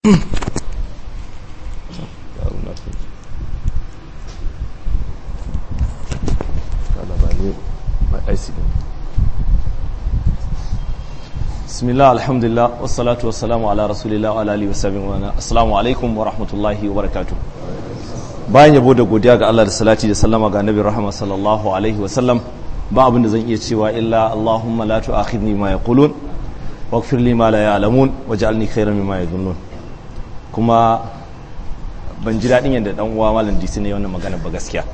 bismillah bayan yabo da godiya ga Allah da salati da sallama ga nabi rahama sallallahu alaihi wa ba abin da zan iya cewa illa allahumma la tu'akhidni ma yaqulun waghfir li ma la ya'lamun waj'alni khayran mimma yadhunnun kuma ban ji daɗin yadda ɗan uwa malam DC ne wannan magana ba gaskiya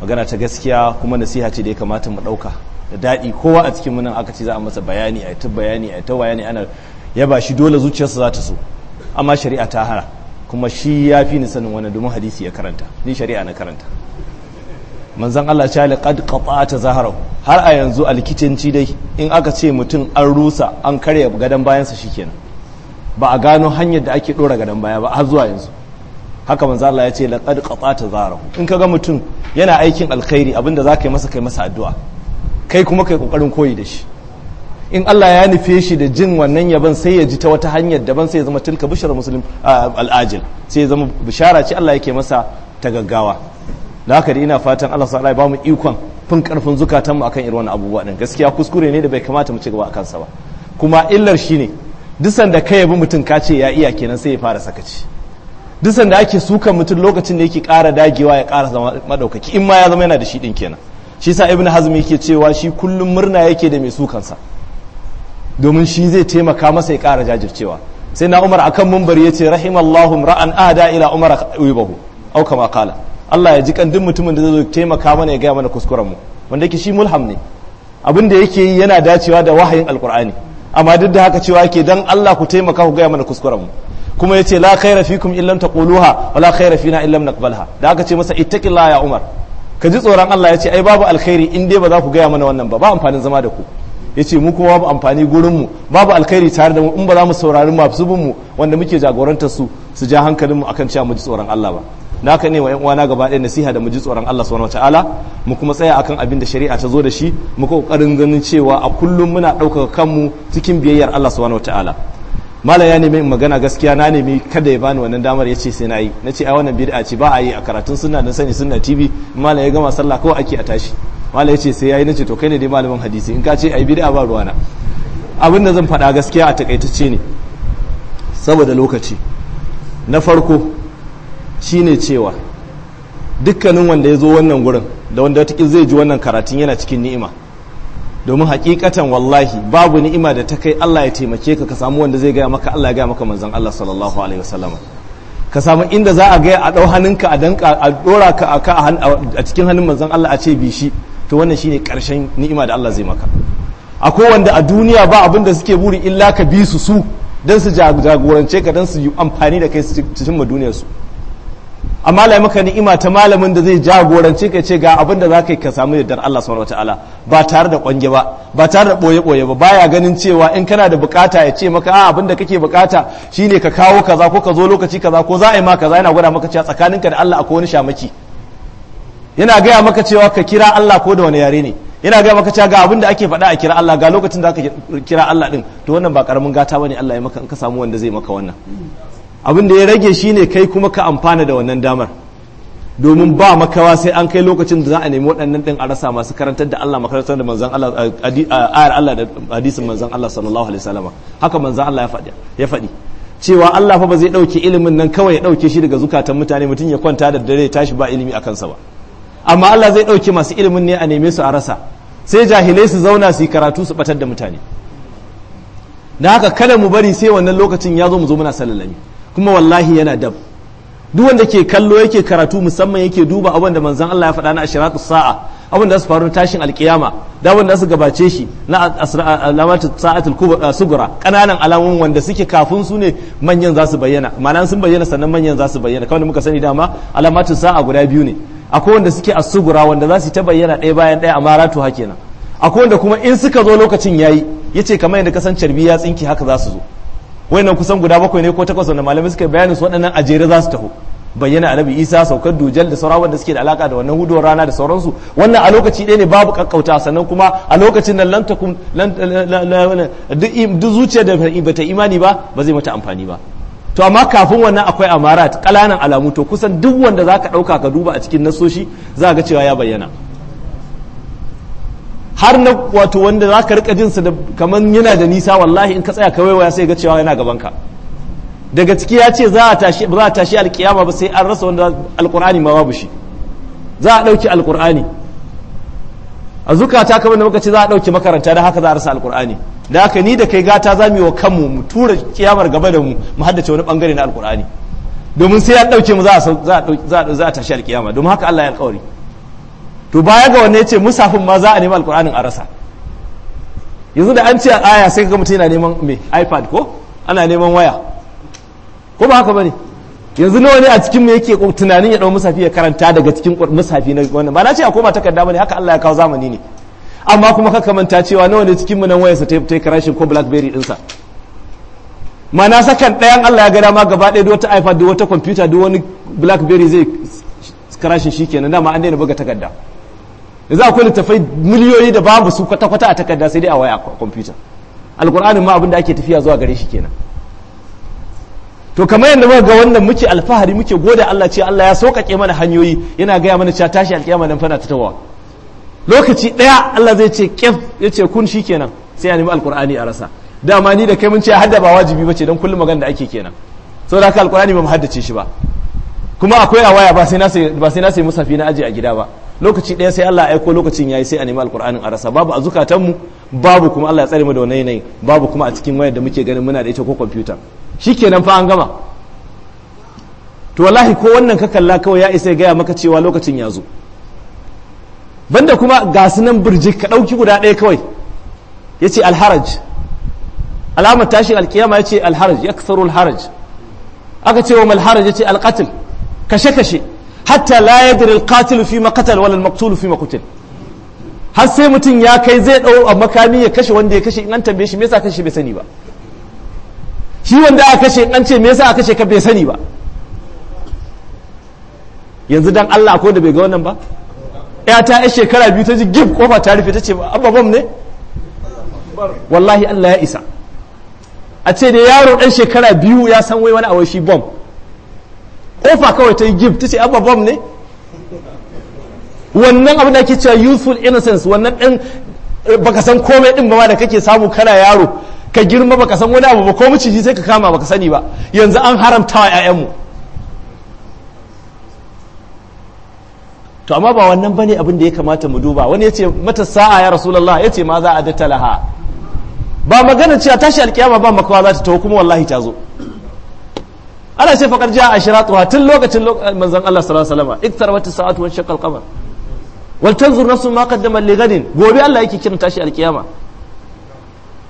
magana ta gaskiya kuma nasiha ce da ya kamata mu ɗauka da daɗi kowa a cikin munan aka ce za a masa bayani a ta bayani a ta bayani ana yaba shi dole zuciyarsa za ta so amma shari'a ta hara kuma shi ya fi ni sanin wani domin hadisi ya karanta ni shari'a na karanta manzan Allah ya ce qad ta zaharahu har a yanzu a likitanci dai in aka ce mutum an rusa an karya gadon bayansa shikenan ba a gano hanyar da ake dora gadon baya ba har zuwa yanzu haka manzo Allah ya ce laqad ta zarahu in kaga mutum yana aikin alkhairi abinda zaka yi masa kai masa addu'a kai kuma kai kokarin koyi da shi in Allah ya nufe shi da jin wannan yaban sai ya ji ta wata hanyar daban sai ya zama tilka bishara muslim al'ajil sai ya zama bishara ce Allah yake masa ta gaggawa da haka ina fatan Allah sa ya ba mu ikon fin karfin zukatan mu akan irin wannan abubuwa din gaskiya kuskure ne da bai kamata mu ci gaba akan sa ba kuma illar shine dusan da ka yabi mutum ka ce ya iya kenan sai ya fara sakaci dusan da ake sukan mutum lokacin da yake ƙara dagewa ya ƙara zama madaukaki in ma ya zama yana da shi din kenan shi sa ibn hazmi yake cewa shi kullum murna yake da mai sukansa domin shi zai taimaka masa ya ƙara jajircewa sai na umar akan mumbar ya ce rahimallahu ra'an ada ila umar uyubahu au kama kala Allah ya ji kan duk mutumin da zai zo taimaka mana ya gaya mana kuskuren mu wanda yake shi mulham ne abin da yake yi yana dacewa da wahayin alkur'ani amma duk da haka cewa ke dan Allah ku taimaka ku gaya mana kuskurenmu mu kuma ce la khaira fikum illam taquluha wa la khaira fina illam naqbalha da haka ce masa ita ittaqillaha ya umar ka ji tsoron Allah ya ce ai babu alkhairi in dai ba za ku gaya mana wannan ba ba amfanin zama da ku ya ce mu kuma babu amfani gurinmu babu alkhairi tare da mu in ba za mu saurari masu mu wanda muke jagorantar su su ja hankalinmu mu akan cewa mu ji tsoron Allah ba na haka ne wa 'yan uwana gaba ɗaya nasiha da mu ji tsoron Allah subhanahu wataala mu kuma tsaya akan abin da shari'a ta zo da shi mu kokarin ganin cewa a kullum muna ɗaukaka kanmu cikin biyayyar Allah subhanahu wataala mala ya nemi magana gaskiya na nemi kada ya bani wannan damar ya ce sai na yi na ce a wannan bid'a ce ba a yi a karatun sunna dan sani sunna tv mala ya gama sallah kawai ake a tashi mala ya ce sai yayi nace to kai ne dai malamin hadisi in ka ce ai bid'a ba ruwana abin da zan faɗa gaskiya a takaitacce ne saboda lokaci na farko shi ne cewa dukkanin wanda ya zo wannan gurin da wanda wataƙi zai ji wannan karatun yana cikin ni'ima domin hakikatan wallahi babu ni'ima da ta kai Allah ya taimake ka ka samu wanda zai gaya maka Allah ya gaya maka manzan Allah sallallahu alaihi wasallam ka samu inda za a gaya a dau hannunka a danka a dora ka a cikin hannun manzan Allah a ce bishi to wannan shine karshen ni'ima da Allah zai maka akwai wanda a duniya ba abin da suke buri illa ka bi su su don su jagorance ka don su yi amfani da kai su cimma duniyarsu su amma lai maka ni'ima ta malamin da zai jagorance ka ce ga abin da zaka yi ka samu yardar Allah subhanahu wataala ba tare da kwange ba ba tare da boye boye ba baya ganin cewa in kana da bukata ya ce maka a abin da kake bukata shine ka kawo kaza ko ka zo lokaci kaza ko za a yi ma kaza yana gwada maka cewa tsakaninka da Allah akwai wani shamaki yana gaya maka cewa ka kira Allah ko da wani yare ne yana gaya maka cewa ga abin da ake faɗa a kira Allah ga lokacin da aka kira Allah din to wannan ba karamin gata bane Allah ya maka in ka samu wanda zai maka wannan abin da ya rage shi ne kai kuma ka amfana da wannan damar domin ba makawa sai an kai lokacin da za a nemi waɗannan ɗin a rasa masu karantar da Allah makarantar da manzan Allah ayar Allah da hadisin manzan Allah sallallahu alaihi wasallam haka manzan Allah ya faɗi cewa Allah fa ba zai ɗauke ilimin nan kawai ya ɗauke shi daga zukatan mutane mutum ya kwanta da dare tashi ba ilimi a kansa ba amma Allah zai ɗauke masu ilimin ne a neme su a rasa sai jahilai su zauna su yi karatu su batar da mutane da haka kada mu bari sai wannan lokacin ya zo mu zo muna sallalami kuma wallahi yana dab duk wanda ke kallo yake karatu musamman yake duba abin da manzon Allah ya faɗa na ashiratu sa'a abin da su faru tashin alkiyama da abin da su gabace shi na alamatu sa'atul sugura kananan alamun wanda suke kafin su ne manyan za su bayyana ma'ana sun bayyana sannan manyan za su bayyana kawai muka sani dama alamatu sa'a guda biyu ne akwai wanda suke asugura wanda za su ta bayyana ɗaya bayan ɗaya a maratu hakenan akwai wanda kuma in suka zo lokacin yayi yace kamar yadda kasan carbi ya tsinki haka za su zo wayannan kusan guda bakwai ne ko takwas wanda malamai suka bayanin su waɗannan ajere za su taho bayyana alabi isa saukar dujal da sauran wanda suke da alaka da wannan huduwar rana da sauransu wannan a lokaci ɗaya ne babu kakkauta sannan kuma a lokacin nan lanta duk zuciyar da bata imani ba ba zai mata amfani ba to amma kafin wannan akwai amara kalanan alamu to kusan duk wanda zaka dauka ka duba a cikin nasoshi za ga cewa ya bayyana har na wato wanda za ka rika jinsa da kamar yana da nisa wallahi in ka tsaya kawai waya sai ga cewa yana gabanka daga ciki ya ce za a tashi ba za a tashi alkiyama ba sai an rasa wanda alkur'ani ma babu shi za a ɗauki alkur'ani a zukata kamar da muka ce za a ɗauki makaranta da haka za a rasa alkur'ani da haka ni da kai gata za mu yi wa kanmu mu tura kiyamar gaba da mu mu haddace wani bangare na alkur'ani domin sai ya ɗauke mu za a tashi alkiyama domin haka Allah ya alkawari to baya ga wanne ce musafin ma za a nemi alkur'anin a rasa yanzu da an ce aya sai ga mutum yana neman me ipad ko ana neman waya ko ba haka bane yanzu nawa ne a cikin me yake tunanin ya dau musafi ya karanta daga cikin musafi na wannan ba na ce a koma takarda bane haka Allah ya kawo zamani ne amma kuma ka manta cewa nawa ne cikin mu nan wayarsa ta ta karashin ko blackberry dinsa mana sakan ɗayan Allah ya ga dama gaba ɗaya duk wata ipad duk wata computer duk wani blackberry zai karashin kenan dama an daina buga takarda yanzu akwai littafai miliyoyi da babu su kwata-kwata a takarda sai dai a waya a kwamfuta alkur'anin ma abin da ake tafiya zuwa gare shi kenan to kamar yadda muka ga wannan muke alfahari muke gode Allah ce Allah ya saukake mana hanyoyi yana gaya mana cewa tashi alƙiyama dan fana ta tawa lokaci daya Allah zai ce kyaf ya ce kun shi kenan sai a nemi alkur'ani a rasa dama ni da kai mun ce hadda ba wajibi bace don kullum magana da ake kenan saboda haka alkur'ani ba mu haddace shi ba kuma akwai a waya ba sai na sai musafi na aje a gida ba lokaci ɗaya sai Allah ya aiko lokacin yayi sai a nemi alqur'anin a rasa babu a zukatanmu babu kuma Allah ya tsare mu da wannan yanayi babu kuma a cikin wayar da muke ganin muna da ita ko kwamfuta shikenan fa an gama to wallahi ko wannan ka kalla kawai ya isa ya gaya maka cewa lokacin ya zo banda kuma ga birji birjik ka ɗauki guda ɗaya kawai ya ce alharaj alamar tashin alkiyama ya ce alharaj ya haraj aka ce wa malharaj ya ce alƙatil kashe-kashe hatta la yadri al-qatil fi ma qatal wal maqtul fi ma har sai mutum ya kai zai ɗau a makami ya kashe wanda ya kashe in an tambaye shi me yasa kashe bai sani ba shi wanda aka kashe in an ce me yasa aka kashe ka bai sani ba yanzu dan Allah ko da bai ga wannan ba ya ta yi shekara biyu ta ji gif kofa ta rufe ta ce abba bam ne wallahi Allah ya isa a ce da yaro dan shekara biyu ya san wai wani awai shi bom kofa kawai ta yi gif ta ce abba bom ne wannan abin da ake cewa youthful innocence wannan ɗan eh, baka san komai ɗin ba da kake samu kana yaro ka girma baka san wani abu ba ko miciji sai ka kama baka sani ba yanzu an haramta wa 'ya'yanmu to amma ba wannan bane abin da ya kamata mu duba wani yace mata sa'a ya rasulullah yace ma za a da ba magana cewa tashi alkiyama ba makawa za ta tawo kuma wallahi ta zo ana ce faƙar jiya a shiratuwa tun lokacin manzan Allah sallallahu alaihi wasallam iktar wata sa'atu wani shakal kamar wal tanzur sun ma qaddamat li ganin gobe Allah yake kiran tashi alkiyama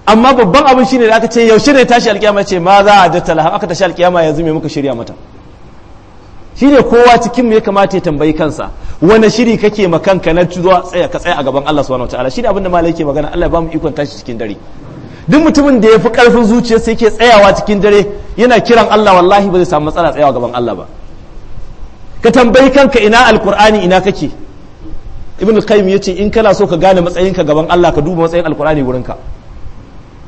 amma babban abin shine da aka ce yaushe ne tashi alkiyama ce ma za a dattala aka tashi alkiyama yanzu me muka shirya mata shine kowa cikin mu ya kamata ya tambayi kansa wani shiri kake ma kanka na zuwa tsaya ka tsaya a gaban Allah subhanahu wataala shine abin da malai yake magana Allah ya bamu ikon tashi cikin dare duk mutumin da ya fi karfin zuciya sai ke tsayawa cikin dare yana kiran Allah wallahi ba zai samu matsala tsayawa gaban Allah ba ka tambayi kanka ina alkur'ani ina kake ibn qayyim yace in kana so ka gane matsayinka gaban Allah ka duba matsayin alkur'ani wurin ka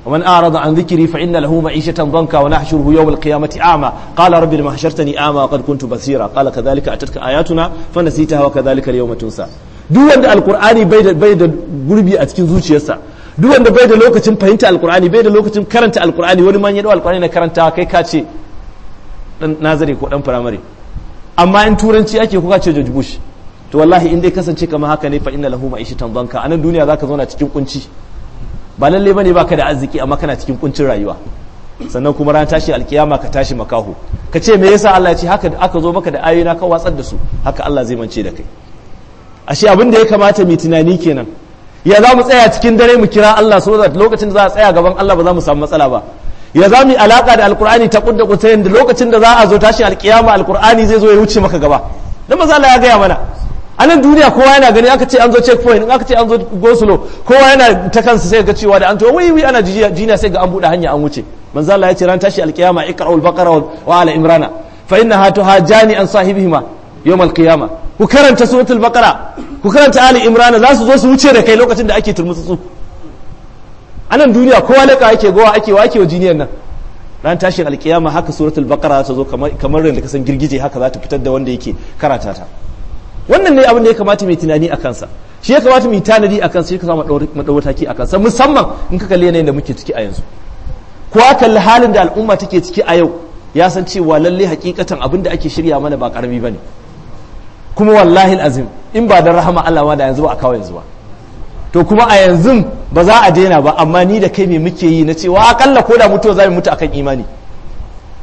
ومن أعرض عن ذكري فإن له معيشة ضنكا ونحشره يوم القيامة أعمى قال رب لما حشرتني أعمى وقد كنت بصيرا قال كذلك أتتك آياتنا فنسيتها وكذلك اليوم تنسى duk wanda alkur'ani bai da gurbi a cikin zuciyarsa duk wanda bai da lokacin fahimta alkur'ani bai da lokacin karanta alkur'ani wani man ya dau alkur'ani na karanta kai ka ce dan nazari ko dan firamare amma in turanci ake kuka ce George Bush to wallahi in dai kasance kamar haka ne fa inna lahu ma'ishatan banka anan duniya zaka na cikin kunci ba lalle bane baka da arziki amma kana cikin kuncin rayuwa sannan kuma ran tashi alkiyama ka tashi makaho ka ce me yasa Allah ya ce haka aka zo maka da ayoyi na ka watsar da su haka Allah zai mance da kai ashe abin da ya kamata mu tunani kenan ya za mu tsaya cikin dare mu kira Allah so da lokacin da za a tsaya gaban Allah ba za mu samu matsala ba ya za mu yi alaka da alkur'ani ta kudda kuta yadda lokacin da za a zo tashin alkiyama alkur'ani zai zo ya wuce maka gaba dan maza Allah ya gaya mana a nan duniya kowa yana gani aka ce an zo check in aka ce an zo gosulo kowa yana ta kansa sai ga cewa da an to wai wai ana jina sai ga an buɗe hanya an wuce manzo Allah ya ce ran tashi alkiyama ikra'ul baqara wa ala imrana fa innaha tuhajani an sahibihima yau qiyama ku karanta suratul baqara ku karanta ali imrana za su zo su wuce da kai lokacin da ake turmutsu anan duniya kowa laka yake gowa ake wa ake wa jiniyan nan ran tashin alkiyama haka suratul baqara ta zo kamar kamar da kasan girgije haka za ta fitar da wanda yake karata ta wannan ne abin da ya kamata mai tunani a kansa shi ya kamata mai tanadi a kansa shi ka samu madawataki a kansa musamman in ka kalli yanayin da muke ciki a yanzu ko kalli halin da al'umma take ciki a yau ya san cewa lalle hakikatan abin da ake shirya mana ba karami bane kuma wallahi azim in ba da rahama Allah ma da yanzu ba a kawo yanzu ba to kuma a yanzu ba za a daina ba amma ni da kai me muke yi na cewa akalla ko da mutuwa za mu mutu akan imani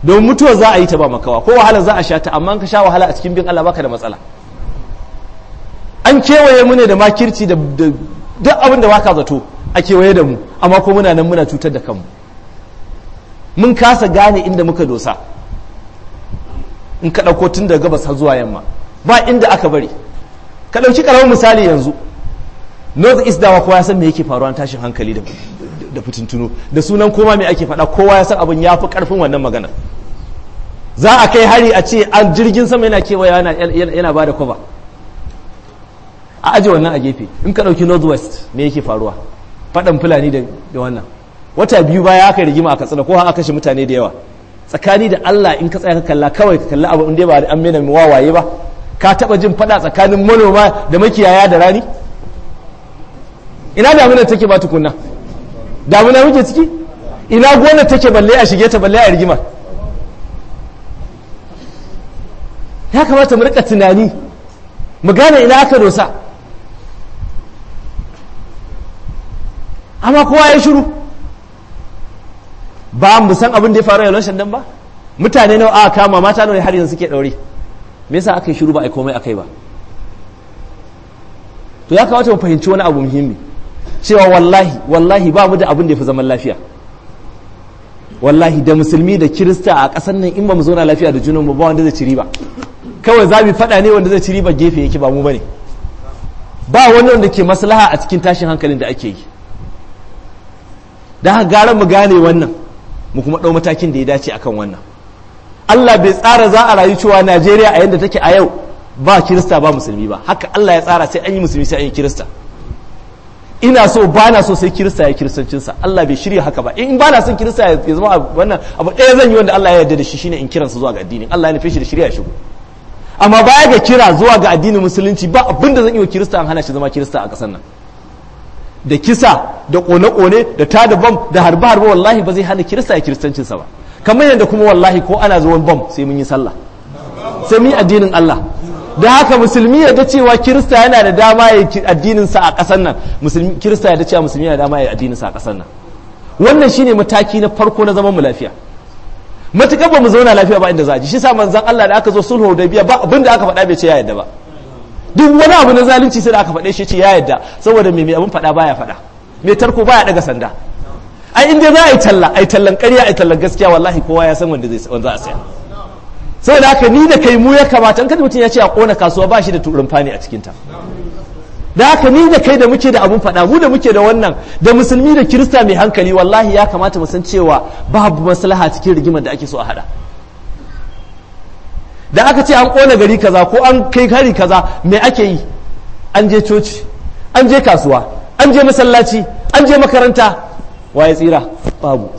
don mutuwa za a yi ta ba makawa ko wahala za a sha ta amma ka sha wahala a cikin bin Allah baka da matsala an kewaye mu ne da makirci da duk abin da baka zato a kewaye da mu amma ko muna nan muna cutar da kanmu mun kasa gane inda muka dosa in ka ɗauko tun daga gabas har zuwa yamma ba inda aka bari ka ɗauki ƙaramin misali yanzu north east dama kowa ya san me yake faruwa tashin hankali da fitintuno da sunan koma me ake faɗa kowa ya san abin ya fi ƙarfin wannan magana za a kai hari a ce an jirgin sama yana kewaya yana ba da kwaba a aji wannan a gefe in ka ɗauki north west me yake faruwa faɗan fulani da wannan wata biyu baya aka rigima a katsina ko aka kashe mutane da yawa tsakani da allah in ka tsaya ka kalla kawai ka kalla abu in dai ba an mena wawaye ba ka taba jin fada tsakanin manoma da makiyaya da rani ina damunan take ba tukunna damuna muke ciki ina gona take balle a shige ta balle a rigima ya kamata mu rika tunani mu gane ina aka dosa amma kowa ya shiru ba mu san abin da ya faru a yalashin dan ba mutane nawa aka kama mata nawa har yanzu suke daure me yasa aka yi shiru ba a komai akai ba to ya kamata mu fahimci wani abu muhimmi cewa wallahi wallahi ba mu da abin da ya fi zaman lafiya wallahi da musulmi da kirista a ƙasar nan in ba mu zauna lafiya da junan mu ba wanda zai ci riba kawai za mu faɗa ne wanda zai ci ba gefe yake ba mu bane ba wani wanda ke maslaha a cikin tashin hankalin da ake yi da haka gara mu gane wannan mu kuma ɗau matakin da ya dace akan wannan Allah bai tsara za a rayu cewa Najeriya a yadda take a yau ba kirista ba musulmi ba haka Allah ya tsara sai an yi musulmi sai an yi kirista ina so ba na so sai kirista ya kiristancinsa Allah bai shirya haka ba in ba na son kirista ya zama wannan abu ɗaya zan yi wanda Allah ya yarda da shi shine in kiransa zuwa ga addinin Allah ya nufe shi da shirya ya shigo amma baya ga kira zuwa ga addinin musulunci ba abin da zan yi wa kirista an hana shi zama kirista a ƙasar nan da kisa da kone-kone da tada bam da harba-harba wallahi ba zai hana kirista ya kiristancinsa ba kamar yadda kuma wallahi ko ana zuwan bom sai mun yi sallah sai mun yi addinin Allah da haka musulmi ya da cewa kirista yana da dama ya yi addinin sa a ƙasar nan musulmi kirista ya da cewa musulmi yana da dama ya yi addinin sa a ƙasar nan wannan ne mataki na farko na zaman mu lafiya matukar ba mu zauna lafiya ba inda za a ji shi sa manzon Allah da aka zo sulhu da biya ba abinda aka faɗa bai ce ya yadda ba duk wani abu na zalunci sai da aka faɗe shi ce ya yadda saboda mai mai abin faɗa baya faɗa mai tarko baya ɗaga sanda ai inda za a yi talla ai tallan ƙarya ai tallan gaskiya wallahi kowa ya san wanda zai wanda za a saya saboda haka ni da kai mu ya kamata in kada mutum ya ce a kona kasuwa ba shi da turin fani a cikin ta da haka ni da kai da muke da abun faɗa mu da muke da wannan da musulmi da kirista mai hankali wallahi ya kamata mu san cewa babu maslaha cikin rigimar da ake so a hada da aka ce an kona gari kaza ko an kai gari kaza me ake yi an je coci an je kasuwa an je masallaci an je makaranta waye tsira babu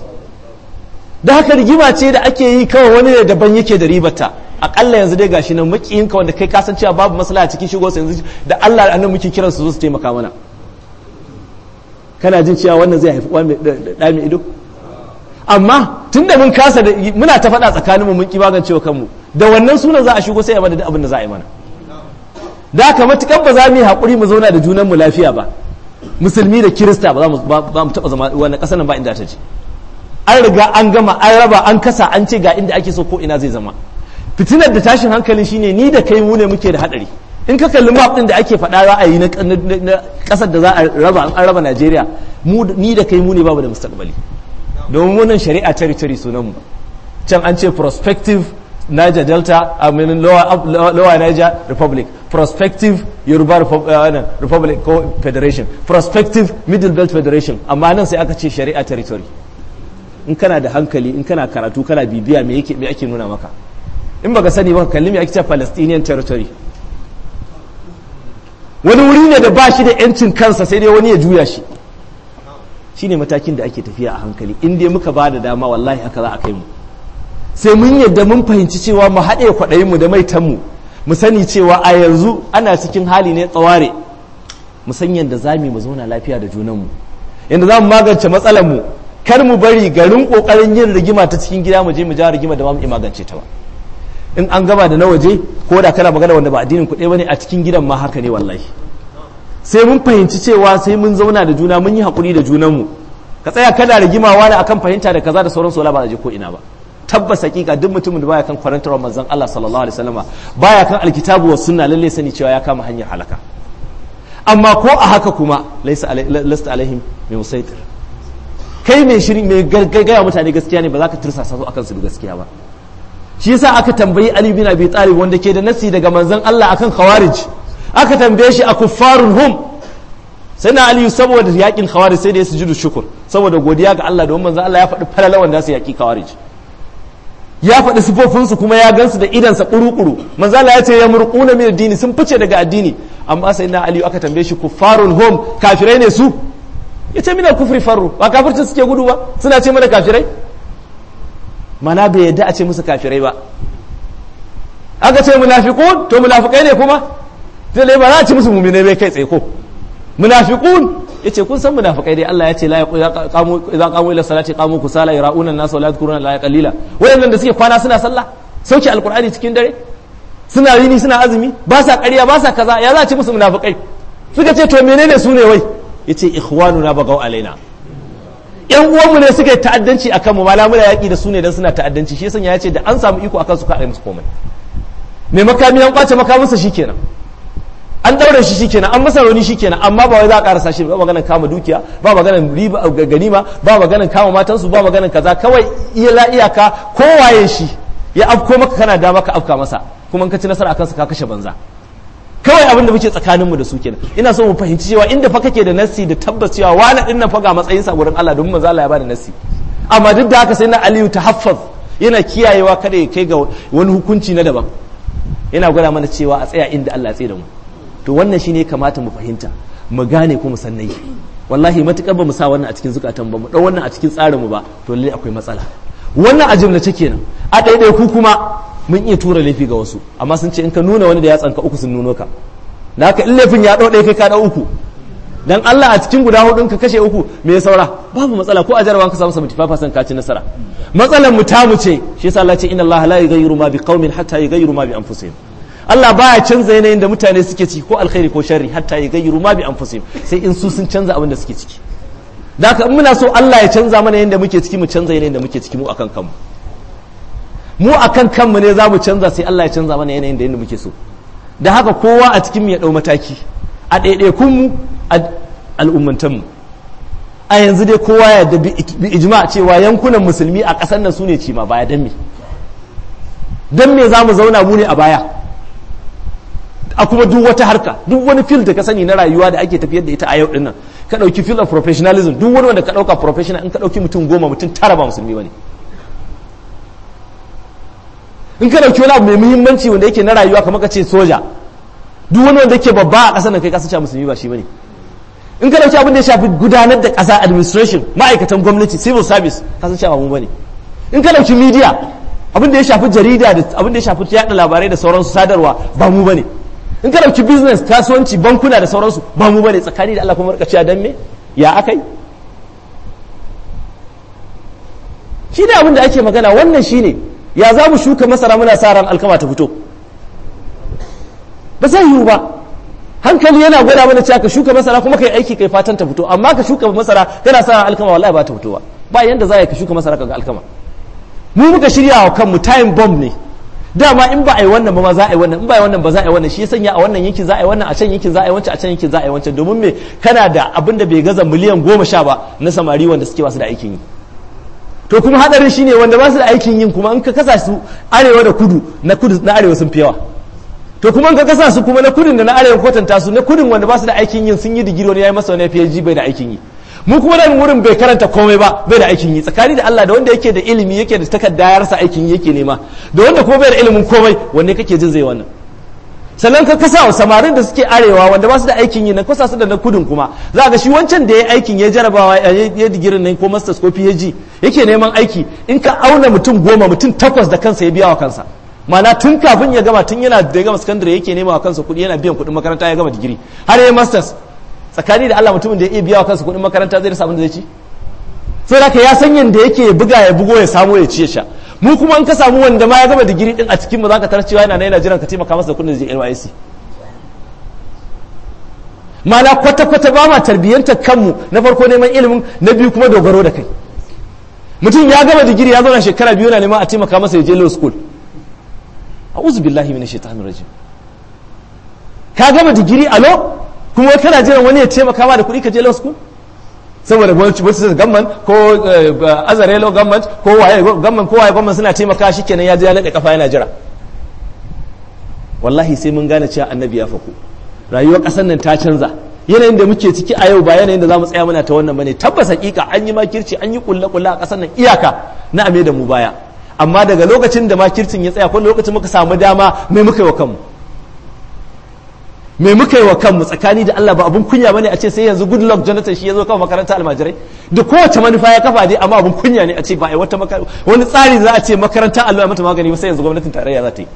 da haka rigima ce da ake yi kawai wani ne daban yake da ribata akalla yanzu dai gashi nan makiyin ka wanda kai ka san cewa babu maslaha cikin shigo sai yanzu da Allah da muke kiransu su taimaka mana kana jin cewa wannan zai haifi da mai ido amma tunda mun kasa da muna ta faɗa tsakanin mu mun ki magancewa kanmu da wannan sunan za a shigo sai ya mana duk abin da za a yi mana da haka matukan ba za mu yi haƙuri mu zauna da junanmu lafiya ba musulmi da kirista ba za mu taba zama wani kasar nan ba inda ta ce an riga an gama an raba an kasa an ce ga inda ake so ko ina zai zama fitinar da tashin hankalin shine ni da kai mu ne muke da hadari in ka kalli map din da ake faɗa za a na ƙasar da za a raba an raba Najeriya ni da kai mu ne babu da mustaqbali domin wannan shari'a territory sunan mu can an ce prospective Niger Delta, I mean lower, lower Niger Republic, prospective Yoruba Republic, uh, Republic ko Federation, prospective Middle Belt Federation, amma nan sai aka ce shari'a territory. In kana da hankali, in kana karatu, kana bibiya me yake me ake nuna maka. In baka sani ba kalli me ake cewa Palestinian territory. Wani wuri ne da ba shi da yancin kansa sai dai wani ya juya shi. Shine matakin da ake tafiya a hankali, in dai muka ba da dama wallahi haka za a kai mu. sai mun yadda mun fahimci cewa mu haɗe kwaɗayinmu da maitanmu mu sani cewa a yanzu ana cikin hali ne tsaware mu san yadda za mu zauna lafiya da junanmu yadda za mu magance matsalarmu kar mu bari garin ƙoƙarin yin rigima ta cikin gida mu je mu ja rigima da ba mu iya magance ta ba in an gama da na waje ko da kana magana wanda ba addinin ku ɗaya ne a cikin gidan ma haka ne wallahi sai mun fahimci cewa sai mun zauna da juna mun yi haƙuri da junanmu ka tsaya kana rigima wani akan fahimta da kaza da sauran sola ba a je ko ina ba tabbas hakika duk mutumin da baya kan kwarantar manzon Allah sallallahu alaihi wasallama baya kan alkitabu was sunna lalle sani cewa ya kama hanyar halaka amma ko a haka kuma laysa lasta alaihim bi musaitir kai mai shirin mai gargaya mutane gaskiya ne ba za ka tursasa su akan su gaskiya ba shi yasa aka tambayi Ali bin Abi Talib wanda ke da nasi daga manzon Allah akan khawarij aka tambaye shi a kuffarun hum sai na aliyu saboda yakin khawarij sai da ya sujudu shukur saboda godiya ga Allah domin manzon Allah ya faɗi falala wanda su yaki khawarij ya faɗi sufofinsu kuma ya gansu da idansa ƙuruƙuru manzala ya ce ya murƙuna min addini sun fice daga addini amma sai na aliyu aka tambaye shi farun hom kafirai ne su ya ce mina kufri farru ba kafircin suke gudu ba suna ce mana kafirai mana bai yadda a ce musu kafirai ba aka ce munafikun to munafikai ne kuma dole ba za a ci musu mumine bai kai tsaiko ko yace kun san munafikai dai Allah ya ce la qamu idan qamu ila salati qamu kusala yarauna an-nasa la yadhkuruna la qalila wayannan da suke kwana suna sallah sauke alqur'ani cikin dare suna yini suna azumi ba sa ƙarya ba sa kaza ya za ci musu munafikai suka ce to menene su ne wai yace ikhwanuna bagaw alaina yan uwanmu ne suke ta'addanci a kanmu ma yaƙi da su ne don suna ta'addanci shi yasa ya ce da an samu iko akan su ka musu komai me makami an kwace makaminsa shikenan an daure shi shikenan an masa rauni shikenan amma ba wai za a karasa shi ba maganar kama dukiya ba maganar riba ganima ba maganar kama matansu ba maganar kaza kawai iya iyaka kowaye shi ya afko maka kana da maka afka masa kuma ka ci nasara akan sa ka kashe banza kawai abin da muke tsakanin mu da su kenan ina so mu fahimci cewa inda fa kake da nassi da tabbas cewa wani din nan fa ga matsayin sa gurin Allah domin manzo Allah ya bada nassi amma duk da haka sai na Aliyu ta tahaffaz yana kiyayewa kada ya kai ga wani hukunci na daban yana gwada mana cewa a tsaya inda Allah ya tsaye da mu to wannan shine kamata mu fahimta mu gane kuma sannai wallahi matukar ba mu sa wannan a cikin zukatan ba mu dau wannan a cikin tsarin mu ba to lalle akwai matsala wannan a jimlace kenan a ɗaiɗai ku kuma mun iya tura laifi ga wasu amma sun ce in ka nuna wani da ya tsanka uku sun nuno ka naka in laifin ya ɗau ɗaya kai ka ɗau uku dan Allah a cikin guda hudun ka kashe uku me saura babu matsala ko a jarabawa ka samu 75% ka ci nasara matsalan mu ta mu ce shi yasa Allah ce inna Allah la yughayyiru ma biqaumin hatta yughayyiru ma bi anfusihim Allah baya canza yanayin da mutane suke ciki ko alkhairi ko sharri hatta ya gayyuru ma bi anfusihim sai in su sun canza abin da suke ciki da haka in muna so Allah ya canza mana yanda muke ciki mu canza yanayin da muke ciki mu akan kanmu mu akan kanmu ne za mu canza sai Allah ya canza mana yanayin da yanda muke so da haka kowa a cikin mu ya dau mataki a ɗaiɗaikun mu a al'ummantan mu a yanzu dai kowa ya da bi ijma cewa yankunan musulmi a ƙasar nan sune ne cima baya dan me dan me za mu zauna mu ne a baya a kuma duk wata harka duk wani fil da ka sani na rayuwa da ake tafiyar da ita a yau din nan ka dauki fil of professionalism duk wani wanda ka dauka professional in ka dauki mutum goma mutum tara ba musulmi bane in ka dauki wani abu mai muhimmanci wanda yake na rayuwa kamar ka ce soja duk wani wanda yake babba a kasar nan kai ka sace musulmi ba shi bane in ka dauki abin da ya shafi gudanar da kasa administration ma'aikatan gwamnati civil service ka sace ba mu bane in ka dauki media abin da ya shafi jarida da abin da ya shafi yada labarai da sauran sadarwa ba mu bane in ka dauki business kasuwanci bankuna da sauransu ba mu bane tsakani da Allah kuma rika a dan me ya akai shi ne abin da ake magana wannan shi ne ya za mu shuka masara muna sa ran alkama ta fito ba zai yiwu ba hankali yana gwada mana cewa ka shuka masara kuma kai aiki kai fatan ta fito amma ka shuka masara kana sa ran alkama wallahi ba ta fitowa ba yanda za ka shuka masara ka ga alkama mu muka shirya wa kanmu time bomb ne dama in ba a yi wannan ba za a yi wannan in ba a yi wannan ba za a yi wannan shi ya sanya a wannan yankin za a yi wannan a can yankin za a yi wancan a can yankin za a yi wancan domin me kana da abin da bai gaza miliyan goma sha ba na samari wanda suke basu da aikin yi to kuma hadarin shine wanda basu da aikin yin kuma in ka kasa su arewa da kudu na kudu na arewa sun fi yawa to kuma in ka kasa su kuma na kudu da na arewa kwatanta su na kudin wanda basu da aikin yin sun yi digiri wani ya yi masa wani ya ji bai da aikin yi mu kuma nan wurin bai karanta komai ba bai da aikin yi tsakani da Allah da wanda yake da ilimi yake da takaddayarsa aikin yi yake nema da wanda kuma bai da ilimin komai wanne kake jin zai wannan sannan ka kasa samarin da suke arewa wanda ba su da aikin yi na kusa su da na kudin kuma za ga shi wancan da ya aikin ya jarabawa ya digirin nan ko masters ko phd yake neman aiki in ka auna mutum goma mutum takwas da kansa ya biya wa kansa mana tun kafin ya gama tun yana da ya gama sakandare yake nema wa kansa kuɗi yana biyan kuɗin makaranta ya gama digiri har ya masters tsakani da Allah mutumin da ya iya biya wa kansa kuɗin makaranta zai samu da zai ci sai da ya san yanda yake buga ya bugo ya samu ya ci ya sha mu kuma an ka samu wanda ma ya zama digiri din a cikin mu zaka tarar cewa yana na yana jiran ka taimaka masa da kuɗin da zai NYSC mana kwata-kwata ba ma tarbiyyantar kanmu na farko neman ilimin na biyu kuma dogaro da kai mutum ya gama digiri ya zauna shekara biyu na neman a taimaka masa ya je law school a'udhu billahi minash shaitanir rajim ka gama digiri a law kuma kana jiran wani ya taimaka ma da kuɗi ka je lasku school saboda wasu state ko eh, azarelo government ko waye government ko waye government suna taimaka shi kenan ya je ya laɗe kafa yana jira wallahi sai mun gane cewa annabi ya faku rayuwar ƙasar nan ta canza yanayin da muke ciki a yau ba yanayin da za mu tsaya muna ta wannan bane tabbas hakika an yi makirci an yi kulle kulle a ƙasar nan iyaka na ame da mu baya amma daga lokacin da makircin ya tsaya ko lokacin muka samu dama mai muka yi wa kanmu me muka yi wa kanmu tsakani da Allah ba abun kunya bane a ce sai yanzu good luck Jonathan shi ya zo kawo makaranta almajirai da kowace manufa ya kafa dai amma abun kunya ne a ce ba a wata wani tsari za a ce makaranta Allah mata magani sai yanzu gwamnatin tarayya za ta yi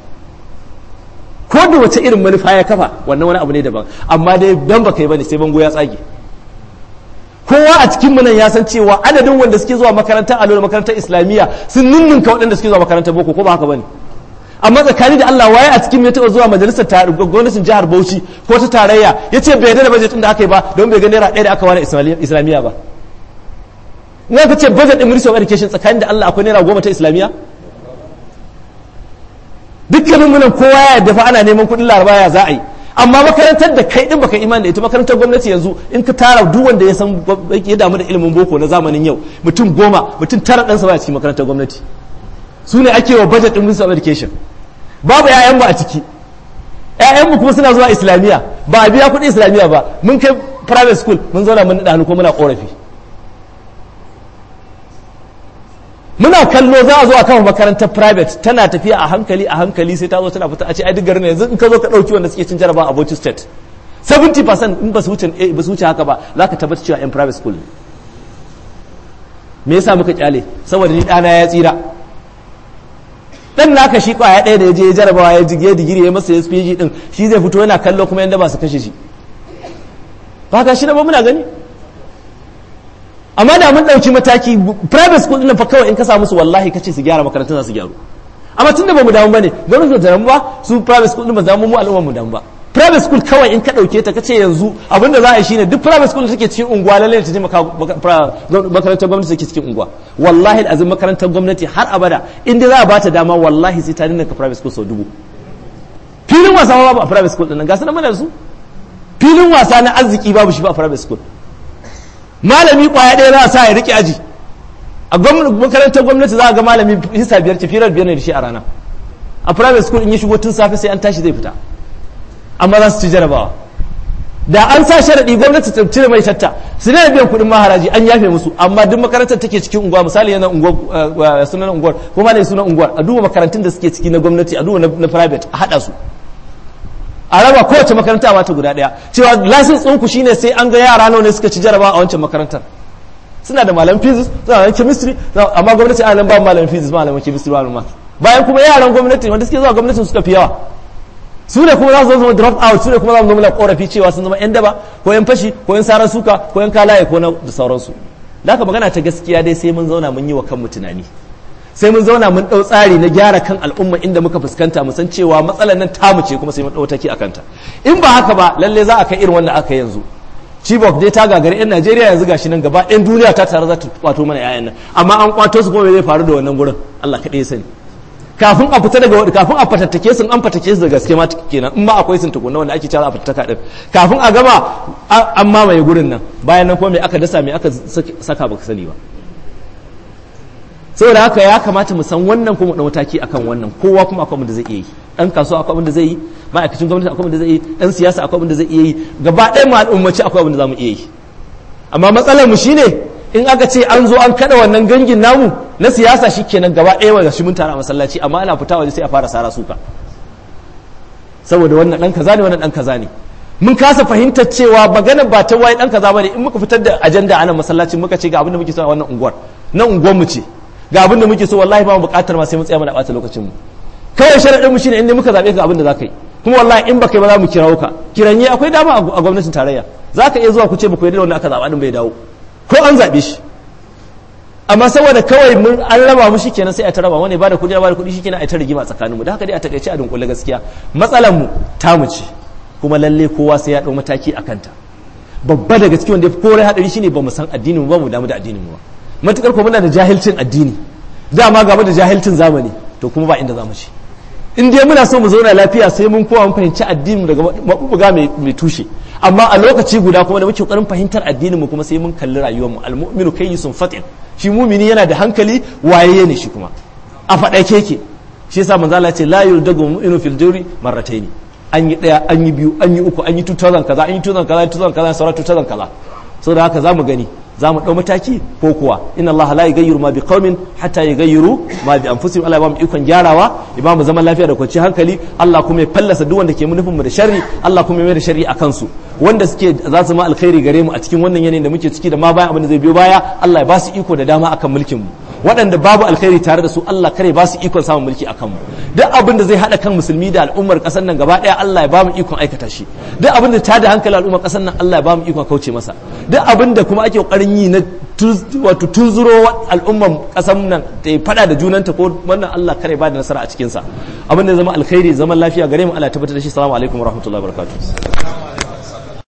ko da wace irin manufa ya kafa wannan wani abu ne daban amma dai dan baka yi bane sai bango ya tsage kowa a cikin mu nan ya san cewa adadin wanda suke zuwa makarantar alo makaranta makarantar islamiyya sun nunnunka waɗanda suke zuwa makarantar boko ko ba haka bane amma tsakani da Allah waye a cikin ya taɓa zuwa majalisar gwamnatin jihar Bauchi ko ta tarayya ya ce bai da bajet ɗin da aka yi ba don bai ga naira ɗaya da aka wani islamiyya ba in ka ce bajet ɗin ministry of education tsakani da Allah akwai naira goma ta islamiyya dukkanin munan kowa ya dafa ana neman kuɗin laraba ya za a yi amma makarantar da kai din baka imani da ita makarantar gwamnati yanzu in ka tara duk wanda ya san ya damu da ilimin boko na zamanin yau mutum goma mutum tara ɗansa a cikin makarantar gwamnati su ne ake wa budget din of education babu ƴaƴanmu a ciki ƴaƴanmu kuma suna zuwa islamiyya ba a biya kuɗi islamiyya ba mun kai private school mun zauna mun da hannu ko muna korafi muna kallo za a zo a kama makarantar private tana tafiya a hankali a hankali sai ta zo tana fita a ce ai duk garin yanzu in ka zo ka ɗauki wanda suke cin jarabawa a Bauchi state 70% in ba su wuce eh, ba su wuce haka ba za ka tabbata cewa yan private school ne me yasa muka kyale saboda ni dana ya tsira dan naka shi kwaya ɗaya da ya je ya jarabawa ya jige digiri ya masa SPG din shi zai fito yana kallo kuma yanda ba su kashe shi ba ka shi na ba muna gani amma da mun ɗauki mataki private school ɗin fa kawai in ka sa musu wallahi kace su gyara makaranta za su gyaru amma tunda ba mu damu bane gwamnati ba ta damu ba su private school ɗin ba damu mu al'umma mu damu ba private school kawai in ka ɗauke ta kace yanzu abinda za a yi shine duk private school take cikin unguwa lallai ta taimaka makarantar gwamnati take cikin unguwa wallahi azin makarantar gwamnati har abada in dai za a bata dama wallahi sai ta ka private school sau dubu filin wasa babu a private school ɗin ga su na mana su filin wasa na arziki babu shi ba a private school malami kwaya ɗaya za a sa ya riƙe aji a makarantar gwamnati za a ga malami hisa biyar ce firar biyar ne da shi a rana a private school in ya shigo tun safe sai an tashi zai fita amma za su ci jarabawa da an sa sharaɗi gwamnati ta cire mai shatta su ne biyan kuɗin maharaji an yafe musu amma duk makarantar take cikin unguwa misali yana eh, eh, sunan unguwar ko ma ne sunan unguwar a duba makarantun da suke ciki na gwamnati a duba na private a haɗa su a raba kowace makaranta ma ta guda ɗaya cewa lasin tsinku shine sai an ga yara nawa ne suka ci jarabawa a wancan makarantar suna da malam physics suna da chemistry amma gwamnati a nan ba malam physics malam chemistry ba math bayan kuma yaran gwamnati wanda suke zuwa gwamnatin suka fi yawa su ne kuma za su zama drop out su ne kuma za su zama korafi cewa sun zama yan daba ko yan fashi ko yan saran suka ko yan kalaye ko na da sauransu da aka magana ta gaskiya dai sai mun zauna mun yi wa kanmu tunani sai mun zauna mun dau tsari na gyara kan al'umma inda muka fuskanta mu san cewa matsalar nan tamu ce kuma sai mun ɗau take akan ta in ba haka ba lalle za a kai irin wanda aka yanzu Chibok dai ta gagari 'yan Najeriya yanzu gashi nan gaba 'yan duniya ta tare za ta kwato mana 'ya'yan nan amma an kwato su kuma zai faru da wannan gurin Allah kaɗai ya sani kafin a fita daga kafin a fatattake sun an fatattake su da gaske ma kenan in ma akwai sun tukunna wanda ake cewa a fatattaka din kafin a gama an mamaye gurin nan bayan nan kuma me aka dasa me aka saka baka sani ba saboda haka ya kamata mu san wannan kuma da mataki akan wannan kowa kuma akwai abin da zai iya yi dan kasuwa akwai abin da zai yi ma'aikacin gwamnati akwai abin da zai yi dan siyasa akwai abin da zai iya yi gaba ɗaya mu al'ummaci akwai abin da zamu iya yi amma matsalar mu shine in aka ce an zo an kada wannan gangin namu na siyasa shikenan gaba ɗaya wa shi mun tara masallaci amma ana fita waje sai a fara sara suka saboda wannan dan kaza ne wannan dan kaza ne mun kasa fahimtar cewa magana ba ta waye dan kaza bane in muka fitar da ajanda nan masallacin muka ce ga abin da muke so a wannan unguwar nan unguwar mu ce ga abin da muke so wallahi ba mu bukatar ma sai mu tsaya mana bata lokacin mu kawai sharadin mu shine inda muka zabe ka abin da ka yi kuma wallahi in ba kai ba za mu kirawo ka kiranye akwai dama a gwamnatin tarayya zaka iya zuwa ku ce ba ku da wannan aka zaba din bai dawo ko an zaɓe shi amma saboda kawai mun an raba mu shikenan sai a ta raba wani ba da kudi ba da kudi shikenan a ta rigima tsakaninmu da haka dai a takaice a dunkule gaskiya matsalar mu ta mu ce kuma lalle kowa sai ya dau mataki a kanta babba daga cikin wanda kowa hadari shine ba mu san addinin mu ba mu damu da addinin mu ba matukar ko muna da jahilcin addini dama ga mu da jahilcin zamani to kuma ba inda za mu ci in dai muna so mu zauna lafiya sai mun kowa mun fahimci addinin daga mabuga mai tushe amma a lokaci guda kuma da muke ƙoƙarin fahimtar addinin mu kuma sai mun kalli rayuwar mu almu'minu yusun fatin shi mumini yana da hankali waye ne shi kuma a faɗake keke shi yasa manzo Allah ya ce la yurdagu mu'minu fil jawri marrataini an yi daya an yi biyu an yi uku an yi 2000 kaza an yi 2000 kaza 2000 kaza sauran 2000 kaza saboda haka zamu gani za mu ɗau mataki ko kuwa ina allah la gayyuru ma biqaumin hatta yughayyiru ma bi anfusihim Allah ya ba mu ikon gyarawa ya ba mu zaman lafiya da kwanciyar hankali Allah kuma ya fallasa duk wanda ke nufin mu da sharri Allah kuma ya mai da sharri a kansu wanda suke za su ma alkhairi gare mu a cikin wannan yanayin da muke ciki da ma bayan abin da zai biyo baya Allah ya ba su iko da dama akan mulkin mu waɗanda babu alkhairi tare da su Allah kare ba su ikon samun mulki a kanmu duk abin da zai haɗa kan musulmi da al'ummar ƙasar nan gaba ɗaya Allah ya ba mu ikon aikata shi duk abin da tada hankali al'ummar ƙasar nan Allah ya ba mu ikon kauce masa duk abin da kuma ake ƙoƙarin yi na wato tunzuro al'ummar ƙasar nan ta yi faɗa da junanta ko wannan Allah kare ba da nasara a cikinsa abin da zama alkhairi zaman lafiya gare mu Allah ya tabbatar da shi assalamu alaikum warahmatullahi wabarakatuh